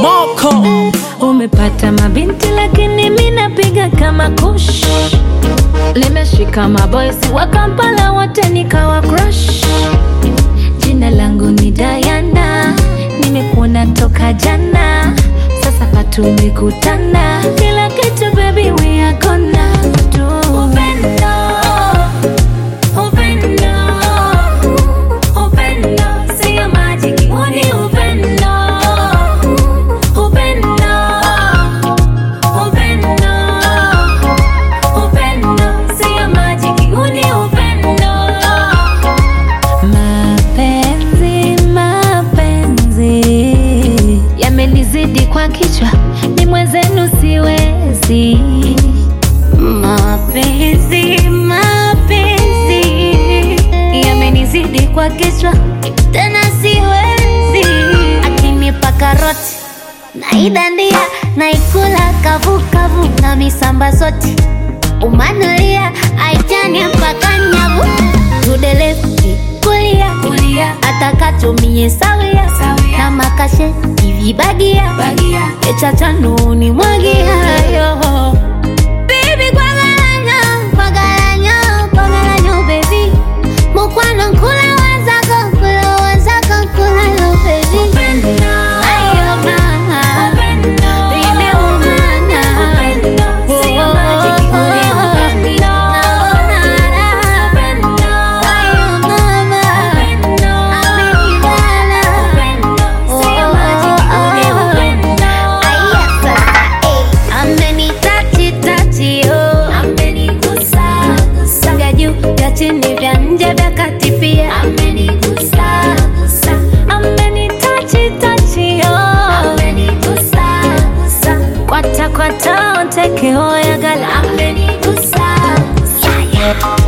Moko umepata mabinti lakini minapiga kama kush, limeshika maboysi wa Kampala wote nikawa crush. Jina langu ni Diana, nimekuona toka jana, sasa patumekutana kwa kichwa ni mwenzenu siwezi. Mapenzi, mapenzi yamenizidi kwa kichwa tena siwezi. Akinipa karoti naidandia, naikula kavu kavu na misamba zote umanulia, aitani mpaka nyavu tudelefu kulia kulia, atakatumie sawia na makashe kivibagia bagia, bagia. echa chano nje dakatifia amenigusa gusa amenitachi tachi amenigusa gusa yeah.